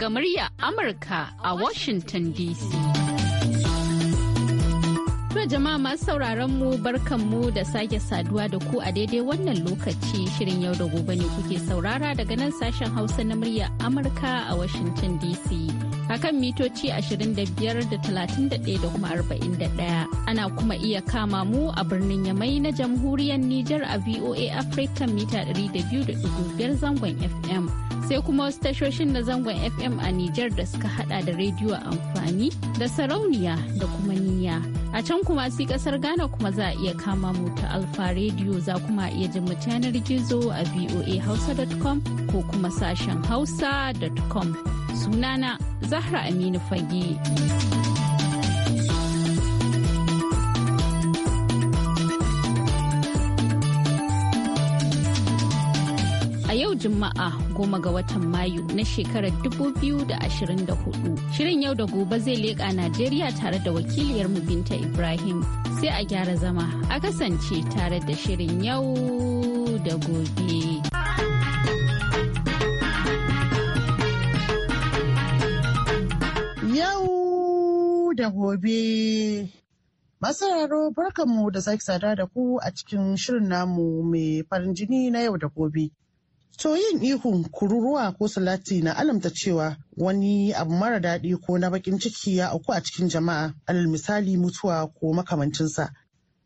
daga murya Amurka a Washington DC. To jama'a masu sauraron mu barkanmu da sake saduwa da ku a daidai wannan lokaci shirin yau da gobe ne kuke saurara daga nan sashen Hausa na murya Amurka a Washington DC. a kan mitoci 25 da 31 da kuma 41 ana kuma iya kama mu a birnin Yamai na jamhuriyar Nijar a VOA Africa mita 200.5 zangon FM. sai kuma wasu tashoshin na zangon FM a Nijar da suka hada da rediyo amfani da sarauniya da kuma niyya. A can kuma si kasar Ghana kuma za a iya kama mu ta Alfa rediyo za kuma iya jin mu yanar gizo a voahausa.com ko kuma sashen hausa.com. Sunana Zahra Aminu Fage. Juma'a goma ga watan Mayu na shekarar da da ashirin hudu Shirin yau da gobe zai leƙa Najeriya tare da wakiliyar mu Binta Ibrahim. Sai a gyara zama a kasance tare da shirin yau da gobe. Yau da gobe. Masararo barkanmu da sake sada da ku a cikin shirin namu mai farin jini na yau da gobe. To yin ihun kururuwa ko salati na alamta cewa wani abu mara daɗi ko na bakin ciki ya auku a cikin jama'a alal misali mutuwa ko makamancinsa.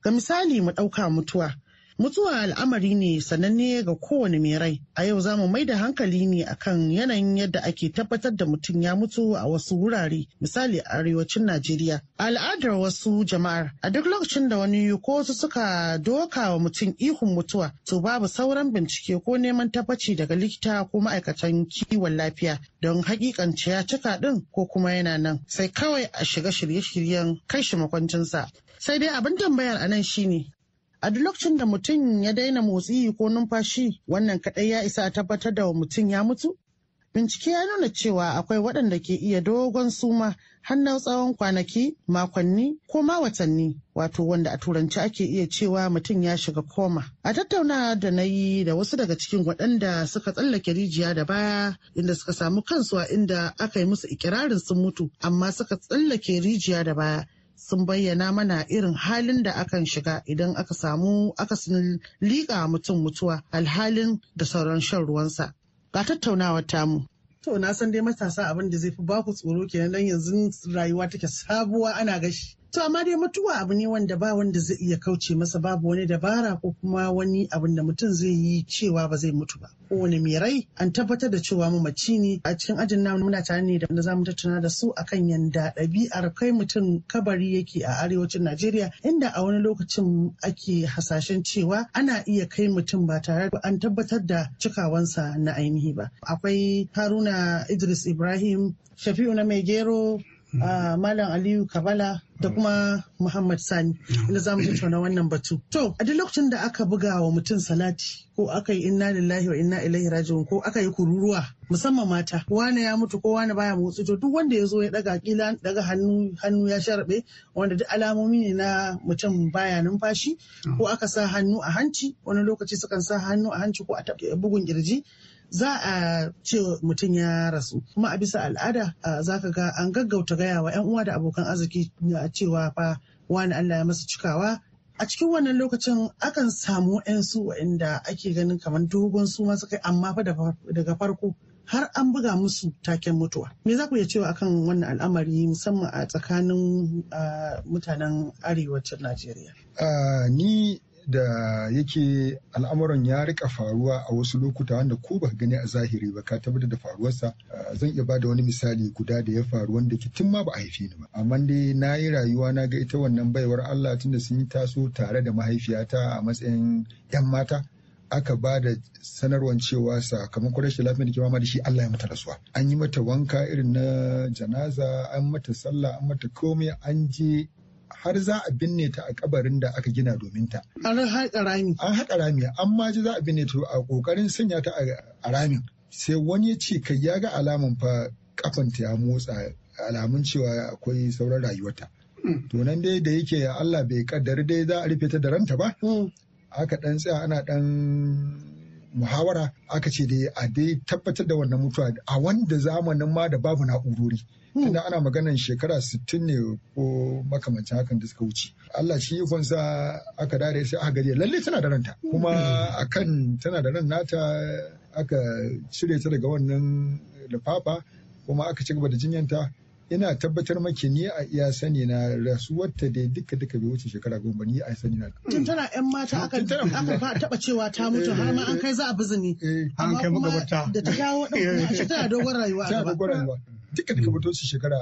Ga misali mu ɗauka mutuwa Mutuwa al'amari ne sananne ga kowane mai rai. A yau za mu mai da hankali ne akan yanayin yadda ake tabbatar da mutum ya mutu a wasu wurare, misali a arewacin Najeriya. Al'adar wasu jama'ar, a duk lokacin da wani ko su suka doka wa mutum ihun mutuwa, to babu sauran bincike ko neman tabbaci daga likita ko ma'aikatan kiwon lafiya don hakikance ya cika din ko kuma yana nan. Sai kawai a shiga shirye-shiryen kai shi makwancinsa. Sai dai abin tambayar anan shine a duk lokacin da mutum ya daina motsi ko numfashi wannan kaɗai ya isa a tabbatar da mutum ya mutu bincike ya nuna cewa akwai waɗanda ke iya dogon suma har tsawon kwanaki makonni ko ma watanni wato wanda a turanci ake iya cewa mutum ya shiga koma a tattauna da na yi da wasu daga cikin waɗanda suka tsallake rijiya da baya inda suka samu kansu a inda aka yi musu ikirarin sun mutu amma suka tsallake rijiya da baya sun bayyana mana irin halin da akan shiga idan aka samu akasin liƙa mutum mutuwa alhalin da sauran shan ruwansa. Ga tattaunawar tamu. To na san dai matasa abin da zai fi baku tsoro kenan dan yanzu rayuwa take sabuwa ana gashi. To amma dai mutuwa abu ne wanda ba wanda zai iya kauce masa babu wani dabara ko kuma wani abin da mutum zai yi cewa ba zai mutu ba. Kowane mai rai an tabbatar da cewa mu mace ne a cikin ajin namu muna tare ne da za mu tattauna da su akan yanda ɗabi'ar kai mutum kabari yake a arewacin Najeriya inda a wani lokacin ake hasashen cewa ana iya kai mutum ba tare da an tabbatar da cikawansa na ainihi ba. Akwai Haruna Idris Ibrahim, Shafi'u na Mai Malam Aliyu Kabala da kuma Muhammad Sani inda za mu tattauna wannan batu. To, a duk lokacin da aka buga wa mutum salati ko aka yi inna lillahi wa inna ilaihi raji'un ko aka yi kururuwa musamman mata wane ya mutu ko wane baya motsi to duk wanda ya zo ya daga kila daga hannu hannu ya sharbe wanda duk alamomi ne na mutum baya numfashi ko aka sa hannu a hanci wani lokaci sukan sa hannu a hanci ko a bugun kirji za a ce mutum ya rasu kuma a bisa al'ada za ka ga an gaggauta gaya wa 'yan uwa da abokan arziki cewa fa wani Allah ya masa cikawa a cikin wannan lokacin akan samu 'yansu wa'inda ake ganin kamar dogon su masu kai amma fa daga farko har an buga musu taken mutuwa. Me za ku iya cewa akan wannan al'amari musamman a tsakanin mutanen arewacin Najeriya? Ni da yake al'amuran ya rika faruwa a wasu lokuta wanda ko ba gani a zahiri ba ka tabbatar da faruwarsa eh, zan iya bada wani misali guda da ya faru wanda ke tun ma ba a haife ni ba amma dai na yi rayuwa na ga ita wannan baiwar Allah tun da sun yi taso tare da mahaifiyata a matsayin yan mata aka ba da sanarwar cewa sakamakon rashin lafiyar da ke mama da shi Allah ya mata rasuwa an yi mata wanka irin na janaza an mata sallah an mata komai an je har za a binne ta a kabarin da aka gina domin ta. An haƙa rami. An haƙa rami amma ji za a binne ta a ƙoƙarin sanya ta a ramin. Sai wani ya ce kai ya ga alaman fa kafanta ya motsa alamun cewa akwai sauran rayuwarta. Hmm. To nan dai da yake Allah bai kaddari dai za a rufe ta da ranta ba. Hmm. Aka ɗan tsaya ana ɗan muhawara aka ce dai a dai tabbatar da wannan mutuwa a wanda zamanin ma da babu na'urori. Hmm. tunda ana maganan shekara 60 ne ko makamancin hakan da suka wuce Allah shi ikonsa aka dare sai aka gari lalle tana da ranta hmm. kuma akan tana da ran nata aka cire ta daga wannan lifafa kuma aka ci gaba da jinyanta ina tabbatar maki ni a iya sani na rasuwarta da duka duka bai wuce shekara goma ni a sani na. Tun tana yan mata aka aka taba cewa ta mutu har ma an kai za a bizini. Eh, eh, an kai magabarta. Da ta dawo ɗan kuma tana dogon rayuwa. Tana dogon rayuwa. duka duka ba su shekara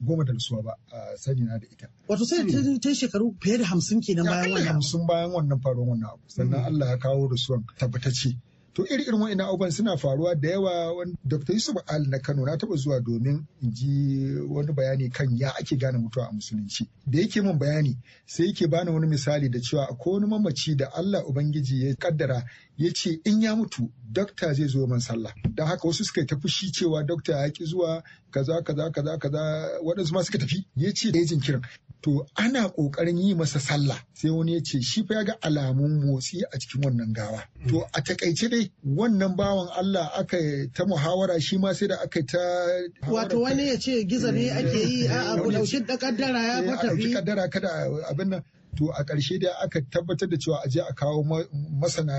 goma da nasuwa ba a sani na da ita. Wato sai ta shekaru fiye da hamsin kenan bayan wannan. Ya hamsin bayan wannan faruwar wannan abu sannan mm. Allah ya kawo rasuwan tabbatacce. To iri irin waina abubuwan suna faruwa da yawa Dr. Yusuf Al na Kano na taɓa zuwa domin in ji wani bayani kan ya ake gane mutuwa a musulunci. Da yake min bayani sai yake bani wani misali da cewa akwai wani mamaci da Allah Ubangiji ya kaddara ya ce in ya mutu dokta zai zo man sallah. Don haka wasu suka ta fushi cewa dokta ya ki zuwa kaza kaza kaza kaza waɗansu ma suka tafi ya ce da ya jinkirin to ana ƙoƙarin yi masa sallah sai wani ya ce shi fa ya ga alamun motsi a cikin wannan gawa to a takaice dai wannan bawan Allah aka ta muhawara shi ma sai da aka ta wato wani ya ce giza ne eh, ake yi a abu da kaddara ya fa eh, tafi kaddara kada abin nan to a ƙarshe dai aka tabbatar da cewa aje a kawo masana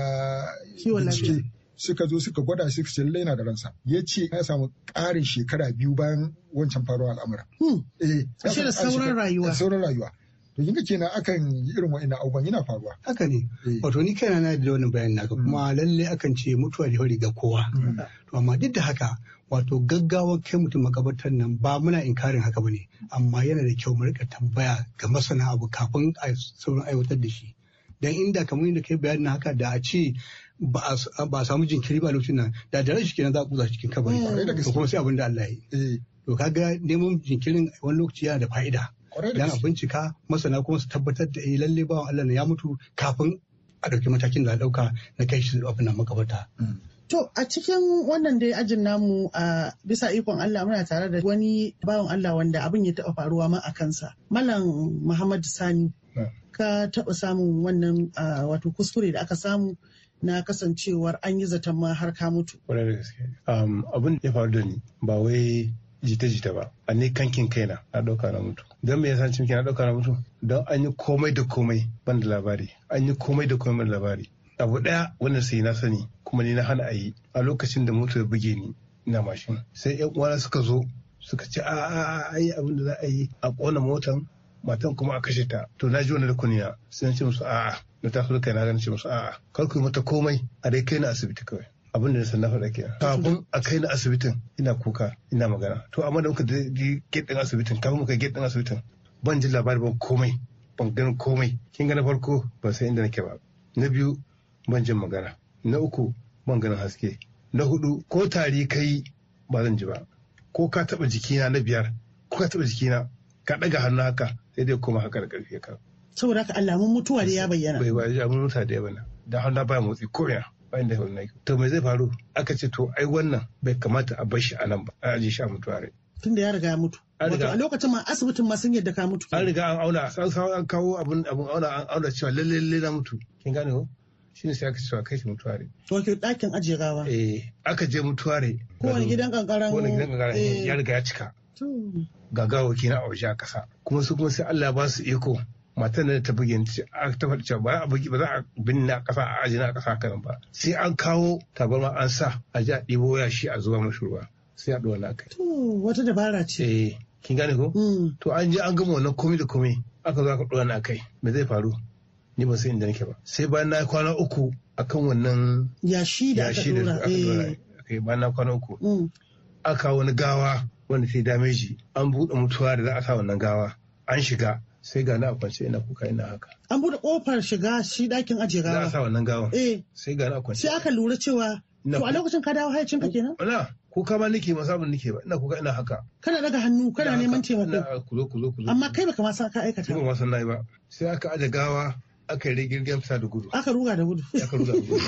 lafiya suka zo suka gwada shi su lallai na da ransa ya ce ya samu ƙarin shekara biyu bayan wancan faruwar al'amura. Hmm. Eh, da sauran rayuwa. Sauran rayuwa. to kinga kenan akan yi irin ina abubuwan yana faruwa haka ne eh. wato ni kaina na da wannan bayanin naka kuma hmm. lalle akan ce mutuwa da hori ga kowa hmm. to amma duk da haka wato gaggawar kai mutum makabartar nan ba muna inkarin haka bane amma yana da kyau mu rika tambaya ga masana abu kafin a sauran aiwatar da shi dan inda kamar yadda kai bayanin haka da a ce ba a samu jinkiri ba lokacin nan da da shi kenan za a kuza cikin kabari to kuma sai abin da Allah yi eh. to kaga neman jinkirin wani lokaci yana da fa'ida dan a bincika masana kuma su tabbatar da eh lalle bawan Allah ne ya mutu kafin a dauki matakin da a ɗauka na kai shi abin nan makabarta hmm. To a cikin wannan dai ajin namu a bisa ikon Allah muna tare da wani bawan Allah wanda abin ya taɓa faruwa ma a kansa. Malam Muhammad Sani hmm. ka taɓa samun wannan wato kuskure da aka samu na kasancewar an yi zaton ma har ka mutu. Um, abin ya faru da ni ba wai jita-jita ba a ne kankin kaina na ɗauka na mutu don me yasa cikin na ɗauka na mutu don an yi komai da komai ban da labari an yi komai da komai ban labari abu ɗaya wanda sai na sani kuma ni na hana a yi a lokacin da mutu ya buge ni ina mashin sai yan uwana suka zo suka ce a a a yi abin da za a yi a ƙona motan matan kuma a kashe ta to na ji wani kuniya sai na ce musu a'a na taso na ganin cewa a'a kar ku mata komai a dai kai na asibiti kawai abin da nisan na faɗa ke kafin a kai na asibitin ina kuka ina magana to amma da muka ji gate din asibitin kafin muka gate din asibitin ban ji labari ban komai ban ganin komai kin ga na farko ban san inda nake ba na biyu ban jin magana na uku ban ganin haske na hudu ko tari kai ba zan ji ba ko ka taba jikina na biyar ko ka taba jikina ka ɗaga hannu haka sai dai koma haka da karfi ka saboda haka alamun mutuwa da ya bayyana bai bai alamun mutuwa da ya bayyana da hannu ba motsi ko ba inda hulna yi. to me zai faru aka ce to ai wannan bai kamata a bar shi a nan ba a aje shi a mutuwa rai tunda ya riga ya mutu Wato a lokacin ma asibitin ma sun yadda ka mutu. An riga an auna an kawo abun abun auna an auna cewa lalle lalle na mutu. Kin gane ko? Shi ne sai aka cewa kai shi mutuware. ke ɗakin ajiye gawa. Eh aka je mutuware. wani gidan ko wani gidan kankara ya riga ya cika. Ga eh. gawo kina a waje a ƙasa. Kuma su kuma sai Allah ba su iko matan da ta buge ta faɗi cewa ba a bugi ba za a binne a ƙasa a ajina a ƙasa kan ba sai an kawo tabarma an sa a ji a ɗibo yashi a zuba mashi ruwa sai a ɗora kai. To wata dabara ce. Eh kin gane ko? Hmm. To an ji an gama wannan komai da komai aka zo aka ɗora na kai me zai faru? Ni ban san inda nake ba. Sai bayan na kwana uku akan wannan yashi da aka ɗora. Yashi eh. eh, bayan na kwana uku. Hmm. Aka wani gawa wanda sai dameji an buɗe mutuwa da za a sa wannan gawa an shiga sai ga na kwance ina kuka ina haka an bude kofar shiga shi dakin ajiye gawa Na sa wannan gawa. eh sai ga na kwance sai aka lura cewa to a lokacin ka dawo hayacin ka kenan wala kuka ma nake ma samun nake ba ina kuka ina haka kana daga hannu kana neman taimako kulo kulo kulo amma kai baka ma san ka aikata ba ma san nayi ba sai aka aje gawa aka yi girgin fita da gudu aka ruga da gudu aka ruga da gudu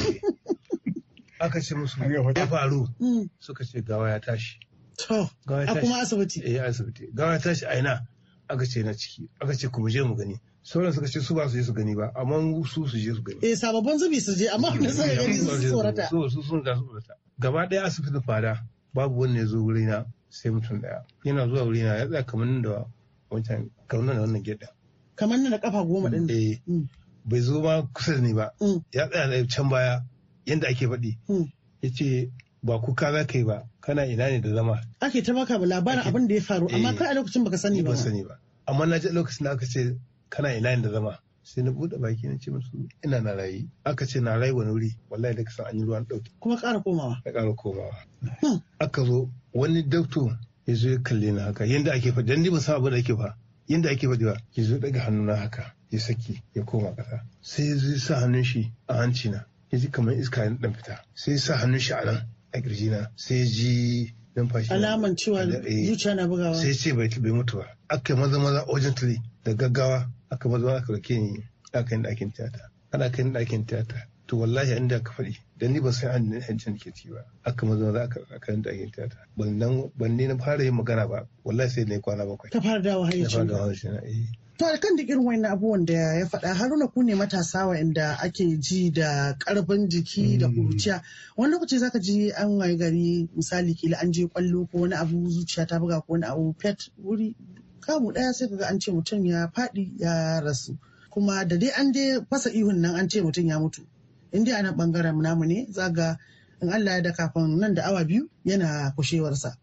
aka ce musu ya faru mm. suka ce gawa ya tashi To, a kuma asibiti eh asibiti gawa ya tashi a ina aka ce na ciki aka ce ku je mu gani sauran suka ce su ba su je su gani ba amma su su je su gani eh sababbin zubi su je amma na sai gani su tsorata so su sun ga su tsorata gaba ɗaya asibitin fada babu wanda ya zo na sai mutum daya yana zuwa na ya tsaya kamar nan da wancan kamar nan da wannan gida kamar nan da kafa goma din da eh, mm. bai zo ma kusa da ni ba mm. ya tsaya can baya yanda ake faɗi mm. ya ce ba kuka za ka yi ba kana ina ne da zama ake ta baka labarin abin da ya faru amma kai a eh. lokacin baka sani ba sani ba amma na ji lokacin da aka ce kana ina ne da zama sai na bude baki na ce musu ina na rayi aka ce na rayi wani wuri wallahi da kasan an yi ruwan dauki kuma ƙara komawa ya ƙara komawa hmm. aka zo wani dokto ya zo ya kalle na haka yanda ake faɗi dan ni ba san abin da ake ba. yanda ake faɗi ba ya zo daga hannu na haka ya saki ya koma ƙasa sai ya zo ya sa hannun shi a hanci na ya ji kamar iska ya dan fita sai ya sa hannun shi a nan a na sai ji numfashi alaman cewa eh, zuciya na bugawa sai ce bai bai mutu ba aka maza maza urgently da gaggawa aka maza aka rake ni aka yi ɗakin tiyata ana kai ɗakin tiyata to wallahi inda ka faɗi dan ni ba sai an hancin ke ci ba aka mazo za ka aka yanda yin tata ban nan ban na fara yin magana ba wallahi sai ne kwana bakwai ka fara dawo hayyacin ka fara dawo eh. To kan da irin wani abubuwan da ya faɗa haruna ku ne matasa wa'anda ake ji da karban jiki da kuruciya hmm. wani lokaci zaka ji an waye gari misali kila an je kwallo ko wani abu zuciya ta buga ko wani abu pet wuri kamu ɗaya sai kaga an ce mutum ya faɗi ya rasu kuma da dai an dai fasa ihun nan an ce mutum ya mutu in dai ana bangaren namu ne zaga in Allah ya da kafin nan da awa biyu yana kushewarsa.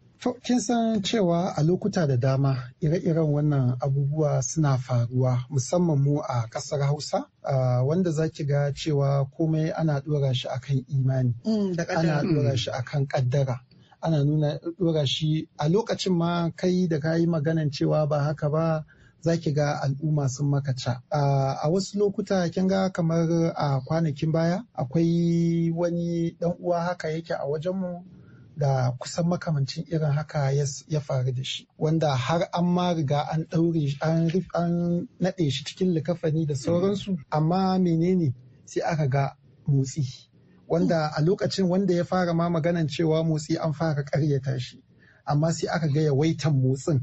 kin san cewa a lokuta da dama ire-iren wannan abubuwa suna faruwa musamman mu a ƙasar hausa wanda za ki ga cewa komai ana ɗora shi akan imani mm, ana ɗora shi akan ƙaddara ana nuna ɗora shi a lokacin ma kai da ka yi maganan cewa ba haka ba za ki ga al'umma sun makaca. A wasu lokuta kin ga kamar a kwanakin baya akwai wani dan uwa haka yake a wajenmu da kusan makamancin irin haka ya faru da shi wanda har an ma riga an ɗaure an naɗe shi cikin likafani da sauransu amma menene sai aka ga motsi wanda a lokacin wanda ya fara ma maganan cewa motsi an fara karyata shi amma sai aka ga yawaitan motsin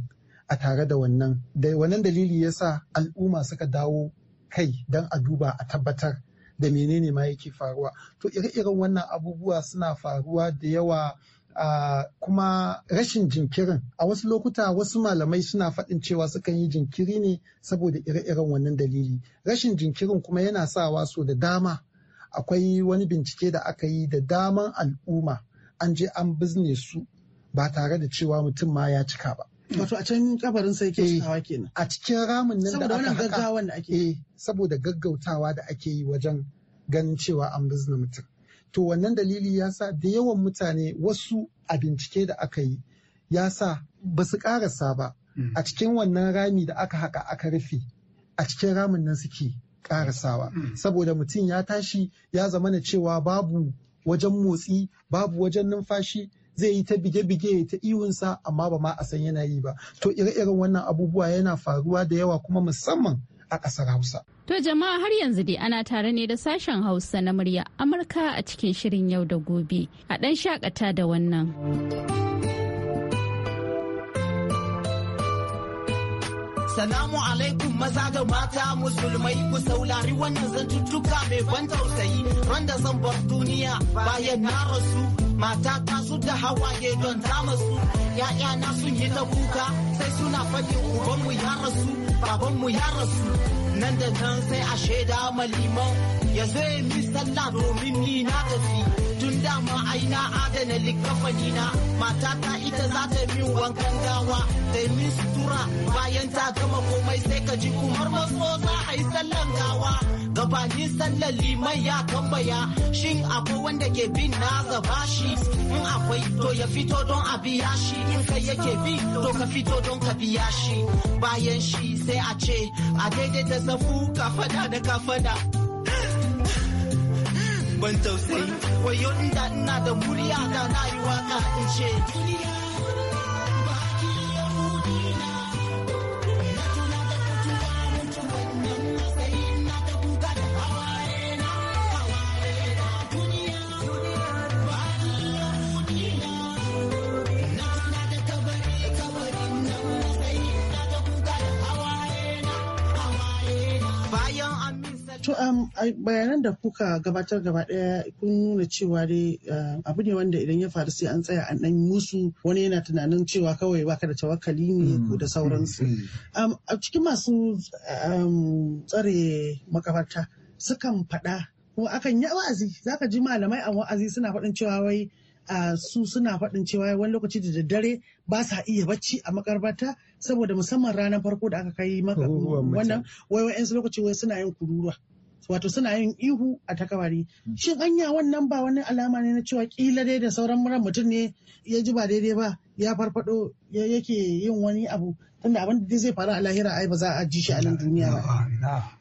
a tare da wannan da wannan dalili ya sa al'umma suka dawo kai don a duba a tabbatar da menene ma yake faruwa to ire-iren wannan abubuwa suna faruwa da yawa Uh, kuma rashin jinkirin a wasu lokuta wasu malamai suna faɗin cewa sukan yi jinkiri ne saboda ire-iren wannan dalili rashin jinkirin kuma yana sawa so da dama akwai wani bincike da aka yi da daman al'umma an je an bizne su ba tare da cewa mutum ma ya cika ba wato a can kabarin sai ke hawa eh, kenan a cikin ramin nan da aka haka. Saboda wannan da ake eh, saboda gaggautawa da ake yi wajen ganin cewa an bizna mutum to wannan dalili ya sa da yawan mutane wasu a bincike da aka yi ya sa ba su karasa ba hmm. a cikin wannan rami da aka haka aka rufe a cikin ramin nan suke karasawa hmm. saboda mutum ya tashi ya zamana cewa babu wajen motsi babu wajen numfashi zai yi ta bige-bige ya ta iwunsa amma ba ma a san yana yi ba to ire-iren wannan abubuwa yana faruwa da yawa kuma musamman a ƙasar hausa to jama'a har yanzu dai ana tare ne da sashen hausa na murya amurka a cikin shirin yau da gobe a ɗan shakata da wannan. Salamu alaikum maza da mata musulmai ku saulari wannan zantuttuka mai ban tausayi randa zan bar duniya bayan na rasu mata ta su da hawaye don ta su ya'ya na sun yi ta kuka sai suna uban ubanmu ya rasu babanmu ya rasu nan da nan sai a shaida maliman ya zo yi sallah domin ni na tafi tun dama aina adana likafani na ta ita za ta min wankan gawa ta min sutura bayan ta gama komai sai ka ji kumar matso za a yi sallan gawa gabanin sallan liman ya tambaya shin akwai wanda ke bin na zaba shi in akwai to ya fito don a biya shi in kai yake bi to ka fito don ka biya shi bayan shi sai a ce a daidaita safu kafada da kafada ban tausayi wayo inda ina da muriya da na yi waka in ce duniya To um, a bayanan da kuka gabatar gaba daya kun nuna cewa dai eh, abu ne wanda idan ya faru sai an tsaya an dan musu wani yana tunanin cewa kawai baka da tawakkali ne mm, ko da sauransu. Mm, mm. Um, a cikin masu um, tsare makabarta sukan faɗa ko akan yi wa'azi zaka ji malamai a wa'azi suna faɗin cewa wai su suna faɗin cewa wani lokaci da daddare ba sa iya bacci a makarbata saboda musamman ranar farko da aka kai maka wannan wai wa'yansu lokaci wai suna yin kururuwa wato suna yin ihu a ta hmm. shin anya wannan ba wani alama ne na cewa kila dai da sauran muran mutum ne ya ji ba daidai ba ya farfado yake yin wani abu tunda abin da zai faru a lahira ai ba za a ji shi a nan duniya ba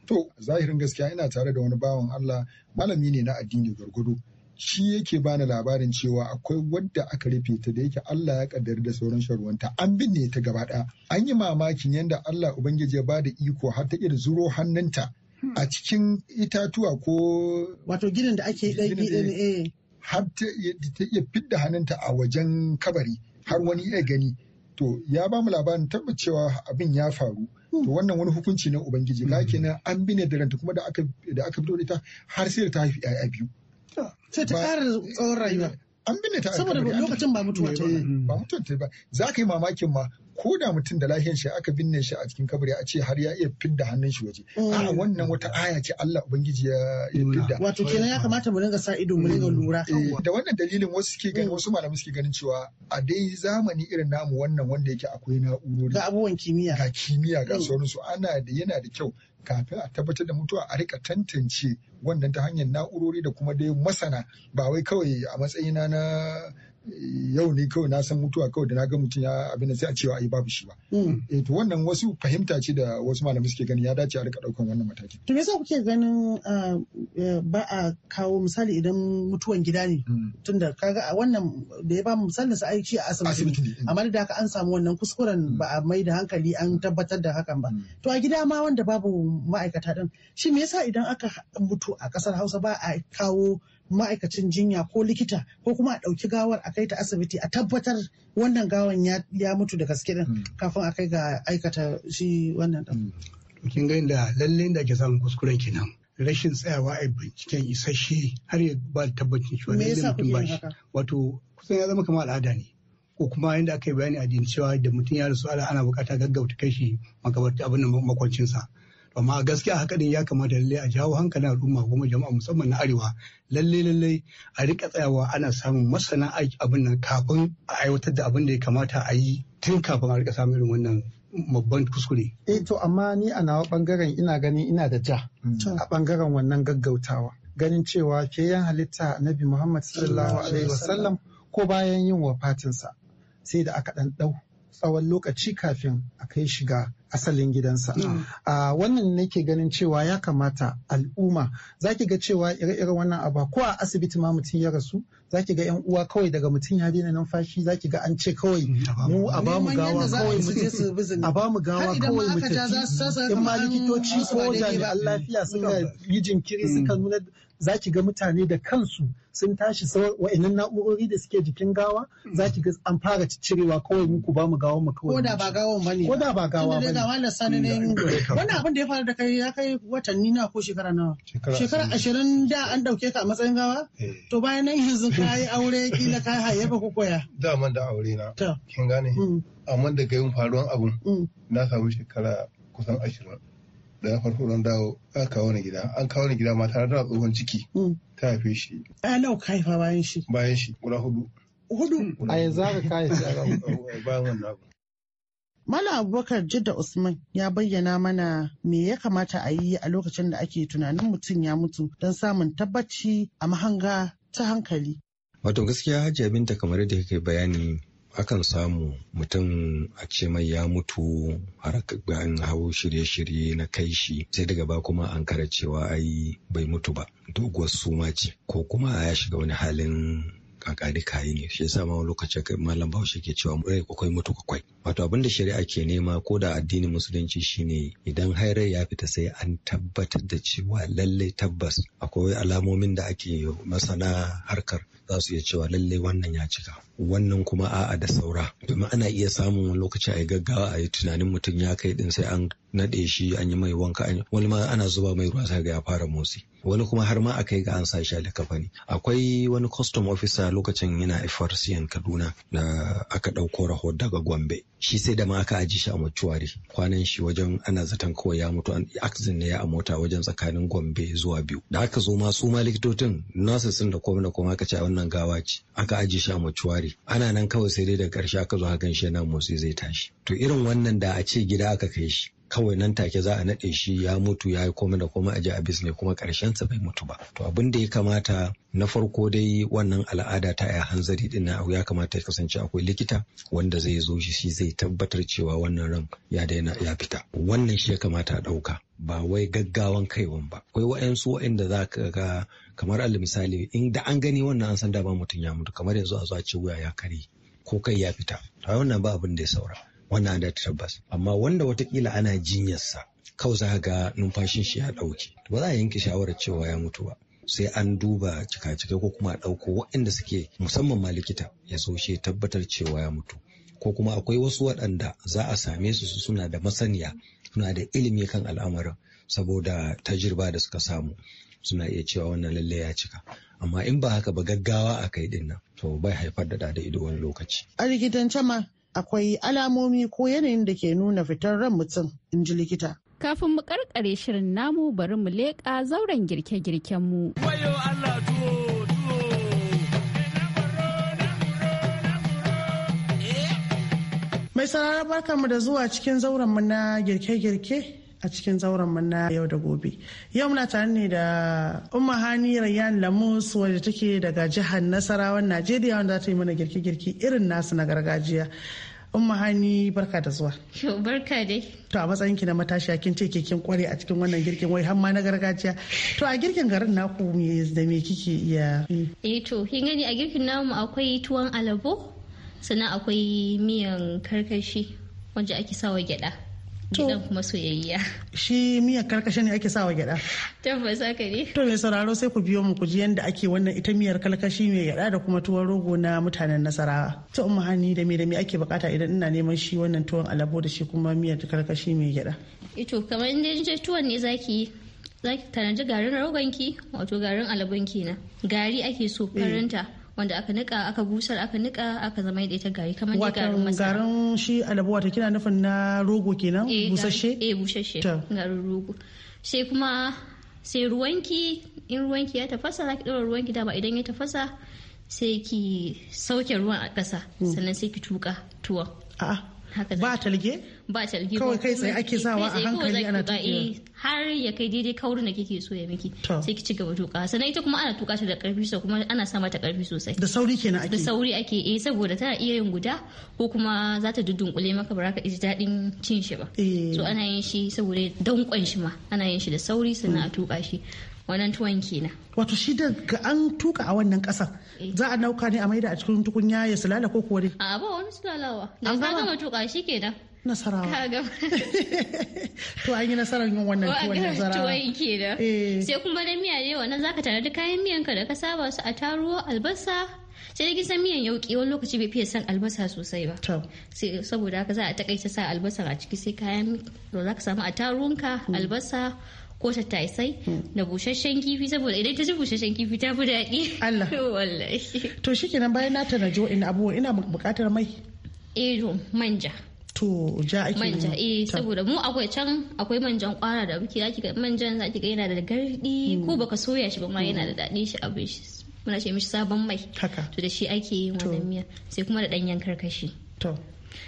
to zahirin gaskiya ina tare da wani bawan Allah malami ne na addini gargudu shi yake bani labarin cewa akwai wadda aka rufe ta da yake Allah ya kaddari da sauran sharuwanta an binne ta gaba ɗaya an yi mamakin yadda Allah ubangiji ya bada iko har ta iya zuro hannunta Hmm. a cikin itatuwa ko wato ginin da ake ɗai DNA e har ta iya fidda hannunta a wajen kabari har hmm. wani iya gani to ya ba mu labarin tabbacewa abin ya faru to hmm. wannan wani hukunci na ubangiji ga kenan an bine da ranta kuma da aka fito da ita har sai ta haifi 'ya'ya biyu sai ta ƙara tsawon rayuwa an binne ta saboda lokacin ba mutuwa ta eh, ba mutuwa ta ba za ka yi mamakin ma ko da mutum da lafiyar shi aka binne shi a cikin kabari a ce har ya iya fidda hannun shi waje mm. a wannan wata aya ce Allah ubangiji ya mm. fidda wato kenan ya kamata mu dinga sa ido mu dinga mm. lura eh, da wannan dalilin wasu suke ganin wasu malamai suke ganin cewa a dai zamani irin namu wannan wanda yake akwai na'urori ga abubuwan kimiyya ga kimiyya ga sauransu ana da yana da kyau kafin a tabbatar da mutuwa a rika tantance wannan ta hanyar na'urori da kuma dai masana ba wai kawai a matsayina na yau ni kawai na san mutuwa kawai da na ga mutum ya abin da sai a cewa ai babu shi ba. Hmm. Eh to wannan wasu fahimta ce da wasu malamai suke gani ya dace a rika daukan wannan matakin. To me yasa kuke ganin eh, eh, ba a kawo misali idan mutuwan gida ne hmm. tunda kaga wannan da ya ba mu misalin sa aiki a asibiti ne hmm. amma da haka an samu wannan kuskuren ba a mai da hankali an tabbatar da hakan ba. To a gida ma wanda babu ma'aikata din shi me yasa idan aka mutu a kasar Hausa ba a kawo ma'aikacin jinya ko likita ko kuma a ɗauki gawar a kai ta asibiti a tabbatar wannan gawan ya mutu da gaske din hmm. kafin a kai ga aikata shi wannan ɗan. Hmm. Kin ga inda lalle da ke samun kuskuren kenan. Rashin tsayawa a binciken isasshe har ya ba tabbacin shi wani mutum ba shi. Wato kusan ya zama kamar al'ada ne. ko kuma yadda aka yi bayani a jin cewa da mutum ya rasu ana bukata gaggauta kai shi makabarta abin makwancinsa amma gaskiya haka din ya kamata lalle a jawo hankalin al'umma kuma jama'a musamman na arewa lalle lalle a rika tsayawa ana samun masana aiki abin nan kafin a aiwatar da abin da ya kamata a yi tun kafin a rika samun irin wannan babban kuskure. Eh to amma ni a nawa bangaren ina gani ina da ja mm. a bangaren wannan gaggautawa ganin cewa ke yan halitta Nabi Muhammad sallallahu alaihi wasallam ko bayan yin wafatinsa sai da aka dan dau tsawon lokaci kafin a kai shiga asalin gidansa. Mm. A wannan nake ganin cewa ya kamata al'umma za ki ga cewa ire-iren wannan abu ko a asibiti ma mutum ya rasu za ki ga 'yan uwa kawai daga mutum ya daina numfashi za ki ga an ce kawai mm, mu a ba mu gawa kawai mutum a ba mu gawa kawai mutum in ma likitoci ko jami'an lafiya suka mm. yi jinkiri suka nuna za ki ga mutane da kansu sun tashi wa'annan na'urori da suke jikin gawa za ki ga an fara cirewa kawai muku ba mu gawa mu kawai. Koda ba gawan ba ne. Koda ba gawa ba ne. Gawa da ne. Wannan abin da ya faru da kai ya kai watanni na ko shekara nawa. Shekara ashirin da an ɗauke ka a matsayin gawa. Eh. To bayan nan yanzu ka yi aure kila ka ba ko koya. man da aure na. Kin gane. Mm. Amma daga yin faruwan abun mm. na samu shekara kusan ashirin. da na farko don dawo aka kawo ni gida an kawo ni gida ma tare da tsohon ciki mm. ta haife shi ɗaya nawa ka haifa bayan shi bayan shi guda hudu hudu a yanzu haka ka haifa bayan wannan abu Malam Abubakar Jidda Usman ya bayyana mana me ya kamata a yi a lokacin da ake tunanin mutum ya mutu don samun tabbaci a mahanga ta hankali. Wato gaskiya hajji abinta kamar yadda kai bayani akan samu mutum a ce mai ya mutu har an hau shirye-shirye na kai shi sai daga ba kuma an kara cewa ai bai mutu ba doguwar suma ce ko kuma a ya shiga wani halin kankani kayi ne shi yasa ma wani lokaci malam bahaushe ke cewa rai kwakwai mutu kwakwai wato abin da shari'a ke nema ko da addinin musulunci shine idan har ya fita sai an tabbatar da cewa lallai tabbas akwai alamomin da ake masana harkar za su iya cewa lallai wannan ya cika wannan kuma a'a da saura domin ana iya samun wani lokaci a gaggawa a yi tunanin mutum ya kai din sai an naɗe shi an yi mai wanka wani ma ana zuba mai ruwa sai ga ya fara motsi wani kuma har ma a kai ga an sa shi a likafani akwai wani custom officer lokacin yana FRCN Kaduna da aka ɗauko rahoton daga Gombe shi sai da ma aka aji shi a mutuwari kwanan shi wajen ana zaton kawai ya mutu accident ne ya a mota wajen tsakanin gombe zuwa biyu da aka zo ma su ma likitocin nasu sun da komai da komai aka ce a wannan gawa ce aka aji shi a mutuwari ana nan kawai sai dai da karshe aka zo hakan shi yana motsi zai tashi to irin wannan da a ce gida aka kai shi kawai nan take za a naɗe shi ya mutu ya yi komai da komai a ji abis ne kuma ƙarshen sa bai mutu ba to abin da ya kamata na farko dai wannan al'ada ta ya hanzari din na ya kamata ya kasance akwai likita wanda zai zo shi shi zai tabbatar cewa wannan ran ya daina ya fita wannan shi ya kamata a ɗauka ba wai gaggawan kaiwan ba akwai wa'yansu wa'inda za ka ga kamar alal misali in da an gani wannan an san da ba mutum ya mutu kamar yanzu a zo a ce wuya ya kare ko kai ya fita to wannan ba abin da ya saura wannan da tabbas amma wanda watakila ana jinyarsa kawai za ga numfashin shi ya ɗauke ba za a yanke shawarar cewa ya mutu ba sai an duba cika-cika ko kuma a ɗauko waɗanda suke musamman ma likita ya so shi tabbatar cewa ya mutu ko kuma akwai wasu waɗanda za a same su suna da masaniya suna da ilimi kan al'amarin saboda tajirba da suka samu suna iya cewa wannan lalle ya cika amma in ba haka ba gaggawa a kai ɗin nan to bai haifar da da ido wani lokaci. a rikitan ma akwai alamomi ko yanayin da ke nuna fitar ran mutum in ji likita. Kafin mu karkare shirin namu bari mu leƙa zauren girke-girken mu. Mai sarara barkanmu da zuwa cikin zauren mu na girke-girke a cikin zauren na yau da gobe. Yau muna tare ne da Umma Hani Rayyan Lamus wadda take daga jihar Nasarawan Najeriya wanda za ta yi mana girki-girki irin nasu na gargajiya. Umma Hani barka da zuwa. Barka dai. To a matsayin ki na matashiya kin ce kin kware a cikin wannan girkin wai har ma na gargajiya. To a girkin garin naku me da me kike iya? Eh to kin gani a girkin namu akwai tuwon alabo sannan akwai miyan karkashi wanda ake sawa gyada. gidan kuma soyayya shi miyar kalkashe ne ake sawa gyada tabbas haka ne to mai sauraro sai ku biyo mu ku ji yadda ake wannan ita miyar kalkashi mai gyada da kuma tuwon rogo na mutanen nasarawa to umma hani da me da me ake bukata idan ina neman shi wannan tuwon alabo da shi kuma miyar kalkashi mai gyada ito eh kamar inda tuwon ne zaki zaki tanaji garin ki wato garin alabonki na gari ake so karanta eh. wanda aka nika aka busar aka nika aka zama da ita gari kamar da garin masara garin shi alabuwa ta kina nufin na rogo kenan eh, busasshe eh busasshe garin rogo sai kuma sai ruwanki in ruwanki ya tafasa zaki dora ruwanki dama idan ya tafasa sai ki sauke ruwan a ƙasa hmm. sannan sai ki tuka tuwon ba talge ba talge kawai kai tsaye ake sawa a hankali ana tuƙi eh, har ya kai daidai kaurin da kike so ya miki sai ki ci gaba tuka sannan ita kuma ana tuƙa ta da ƙarfi sosai kuma ana sa mata ƙarfi sosai da sauri kenan ake da sauri ake eh saboda tana iya yin guda ko kuma za ta dudunkule maka baraka ji dadin cin shi ba eh. so ana yin shi saboda danƙon shi ma ana yin shi da sauri sannan a mm. tuƙa shi wannan tuwon kenan wato shi da an tuka a wannan kasar eh. za a nauka ne a maida a cikin tukunya ya sulala ko kuwa ne a ba wani sulalawa da ka gama tuka shi kenan nasarawa to an yi nasarar yin wannan tuwon tuwon kenan eh. sai kuma da miya ne wannan ka tare da kayan miyanka da ka saba su a taruwa albasa sai da kisan miyan yauki wani lokaci bai fiye san albasa sosai ba saboda haka za a takaita sa albasa a ciki sai kayan da za ka samu a tarunka hmm. albasa ko ta taisai hmm. da busasshen kifi saboda idan ta ci busasshen kifi ta fi daɗi. Allah. Wallahi. To shi kenan bayan na jo ina abubuwan ina buƙatar mai. Ero eh, manja. to ja ake manja eh saboda mu akwai can akwai manjan kwara da muke zaki ga manjan zaki ga yana da gardi hmm. ko baka soya shi ba ma yana da daɗi shi abin shi muna ce mishi sabon mai haka to da shi ake yin wannan miya sai kuma da ɗanyen karkashi to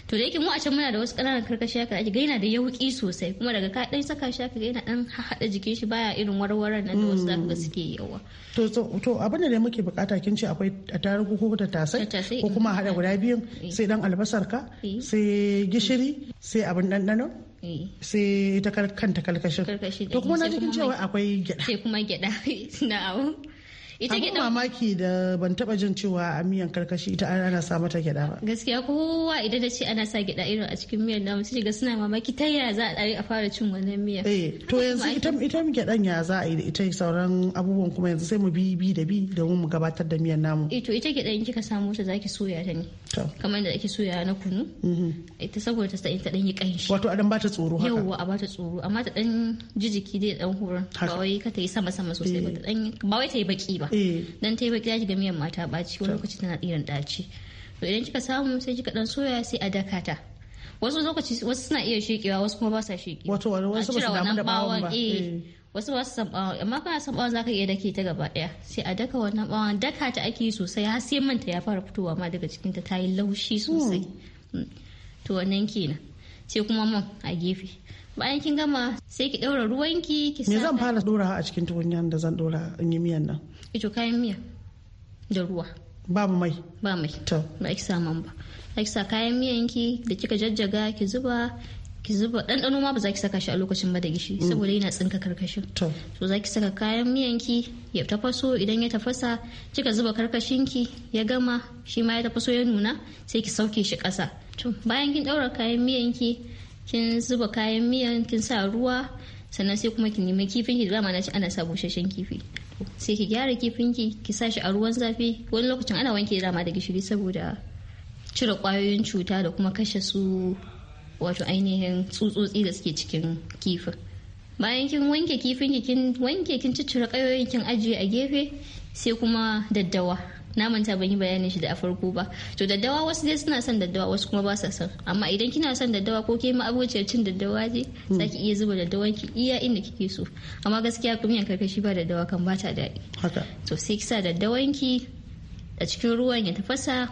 to da yake mu a can muna da wasu ƙananan karkashi haka ake gaina da yauki sosai kuma daga ka dan saka shi haka gaina dan haɗa jikin shi baya irin warwaran nan da wasu zaka suke yawa to to abin da muke bukata kin ce akwai a tarugu ko ta tasai ko kuma haɗa guda biyun eh. sai dan albasar ka eh. sai gishiri sai abin ɗanɗano eh. sai ita kanta kalkashin to kuma na jikin cewa akwai gyada sai kuma gyada na'am ita gida mamaki da ban taba jin cewa a miyan karkashi ita ana sa mata gida ba gaskiya kowa idan da ce ana sa gyaɗa irin a cikin miyan namu sai ga suna mamaki ta yaya za a a fara cin wannan miya eh to yanzu ita ita ya za a yi ita sauran abubuwan kuma yanzu sai mu bi bi da bi domin mu gabatar da miyan namu eh to ita in kika samu ta zaki soya ta ne kamar da ake soya na kunu mm-hmm. ita saboda ta ta dan yi kanshi wato a dan bata tsoro haka yawwa a bata tsoro amma ta dan jijiki dai dan hura ba wai ka ta yi sama sama sosai ba ta dan eh. ba wai ta yi baki ba dan eh. ta yi baki zaki ga miyan mata ci wani lokaci tana tsiran daci to idan kika samu sai kika dan soya sai a daka ta wasu lokaci wasu suna iya shekewa wasu kuma ba sa shekewa wato wasu ba su damu da bawon ba eh. wasu wasu sabawa amma kana sabawa zaka iya dake ta gaba daya sai a daka wannan bawan daka ta ake sosai har sai manta ya fara fitowa ma daga cikin ta tayi laushi sosai hmm. Hmm. to wannan kenan sai kuma man a gefe bayan kin gama sai ki daura ruwanki ki sa zan fara dora a cikin tukunyar da zan dora in yi miyan nan ito eh kayan miya da ruwa ba mai ba mai to ba ki sa man ba ki sa kayan miyanki da kika jajjaga ki zuba ki zuba ɗanɗano ma ba za ki saka shi a lokacin ba da gishiri mm. saboda yana tsinka karkashin to za ki saka kayan miyanki ya tafaso idan ya tafasa kika zuba karkashin ki ya gama shi ma ya tafaso ya nuna sai ki sauke shi ƙasa to bayan kin ɗaura kayan miyanki kin zuba kayan miyan kin sa ruwa sannan sai kuma ki nemi kifin ki dama na ci ana sa busasshen kifi sai ki gyara kifin ki ki sa shi a ruwan zafi wani lokacin ana wanke dama da gishiri saboda cire kwayoyin cuta da kuma kashe su wato ainihin tsutsotsi da suke cikin kifin bayan kin wanke kifin kin wanke kin ciccire kayoyin kin ajiye a gefe sai kuma daddawa na manta ban yi bayanin shi da a farko ba to daddawa wasu dai suna son daddawa wasu kuma ba sa son amma idan kina son daddawa ko ke ma'abociyar cin daddawa je hmm. za ki iya zuba daddawa ki iya inda kike so amma gaskiya karfe shi ba daddawa kan bata daɗi to sai ki sa daddawan ki a cikin ruwan ya tafasa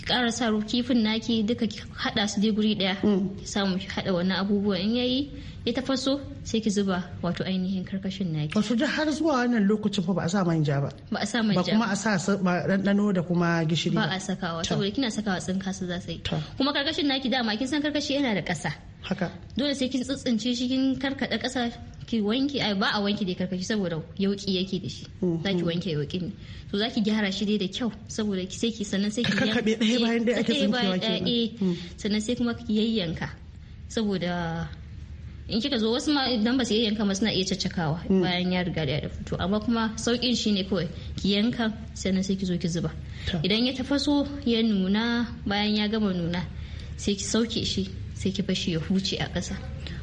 ki ƙara sa kifin naki duka ki haɗa su dai guri ɗaya mm. ki samu ki haɗa wannan abubuwan in yayi ya tafaso sai ki zuba wato ainihin karkashin naki wato da har zuwa wannan lokacin fa ba a sa manja ba ba a sa manja ba kuma a sa ɗanɗano da kuma gishiri ba a sakawa saboda kina sakawa tsinka su za su yi kuma karkashin naki dama kin san karkashi yana da ƙasa haka dole sai kin tsitsince shi kin karkada ƙasa ki wanke ai ba a wanke da karkashi saboda yauki yake da shi mm-hmm. za ki wanke yauki ne to za ki gyara shi dai da kyau saboda ki sai ki sannan sai ki karkabe ɗaya bayan ɗaya ake tsinkewa kenan eh. mm. sannan sai kuma ki yayyanka saboda in kika zo wasu ma idan ba su iya yanka suna iya caccakawa hmm. bayan ya riga da ya fito amma kuma saukin shi ne kawai ki yanka sannan sai ki zo ki zuba idan ya tafaso ya nuna bayan ya gama nuna sai ki sauke shi sai ki fashi ya huce a ƙasa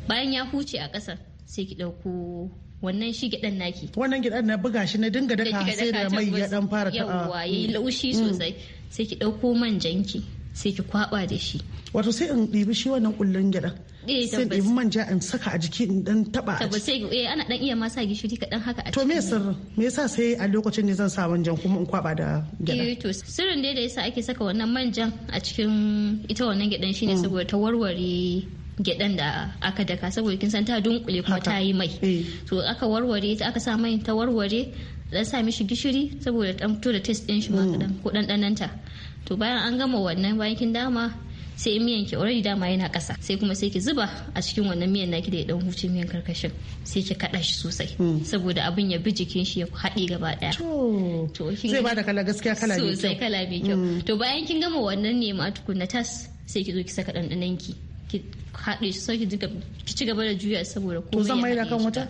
bayan ya huce a ƙasa sai ki ɗauko wannan shi gidan naki wannan gidan na buga shi na dinga daka sai da mai ya dan fara ta yawa yayi hmm. laushi hmm. sosai sai ki ɗauko manjanki sai ki kwaba da shi wato sai in ɗibi shi wannan kullun gidan Eh, sai ɗebi manja in saka a jiki in dan taba a ciki eh ana dan iya ma sa gishiri kaɗan haka a to me sirrin me yasa sai a lokacin ne zan sa manjan kuma in kwaba da gyaɗa eh to sirrin dai da yasa ake saka wannan manjan a cikin ita wannan gyaɗan shine mm. saboda ta warware gyaɗan da aka daka saboda kin san ta dunkule kuma ta yi mai eh. to aka warware ta aka sa mai ta warware dan sa mishi gishiri saboda dan fito da taste din shi ma mm. kadan ko dan dananta to bayan an gama wannan bayan kin dama sai in miyan ki already dama yana kasa sai kuma sai ki zuba a cikin wannan miyan naki da ya dan huce miyan karkashin sai ki kada shi sosai hmm. saboda abin ya bi jikin shi ya haɗe gaba daya to zai bada kala gaskiya kala mai kyau sosai kala mai kyau hmm. to bayan kin gama wannan ne ma tukunna tas sai ki zo ki saka dandanan ki ki haɗe shi sai ki ci gaba da juya saboda komai to zan mai da kan wuta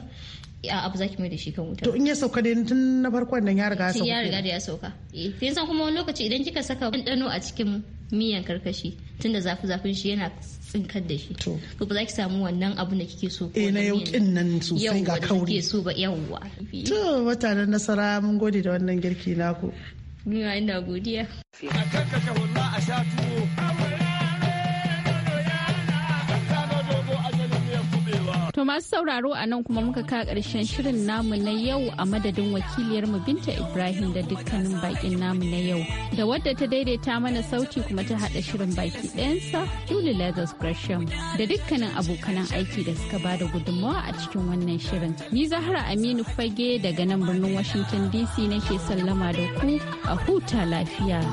a abu zaki mai da shi kan wuta. To in ya sauka dai tun na farkon nan ya riga ya sauka. Ya riga da ya sauka. Eh, kin san kuma wani lokaci idan kika saka ɗanɗano a cikin miyan karkashi tunda zafi zafin shi yana tsinkar da shi to ba za ki samu wannan abu da kike so ko eh, na yaukin nan sosai ga kauri so ba yawwa to mutanen nasara mun gode da wannan girki naku ni ina godiya a kanka ka wallahi a sha tuwo masu sauraro a nan kuma muka kawo ƙarshen shirin namu na yau a madadin wakiliyarmu Binta Ibrahim da dukkanin bakin namu na yau. Da wadda ta daidaita mana sauti kuma ta hada shirin baki ɗayansa Julie Lazarus Gresham da dukkanin abokanan aiki da suka bada gudunmawa a cikin wannan shirin. Ni Zahra Aminu Fage daga nan birnin Washington DC nake sallama da ku a huta lafiya.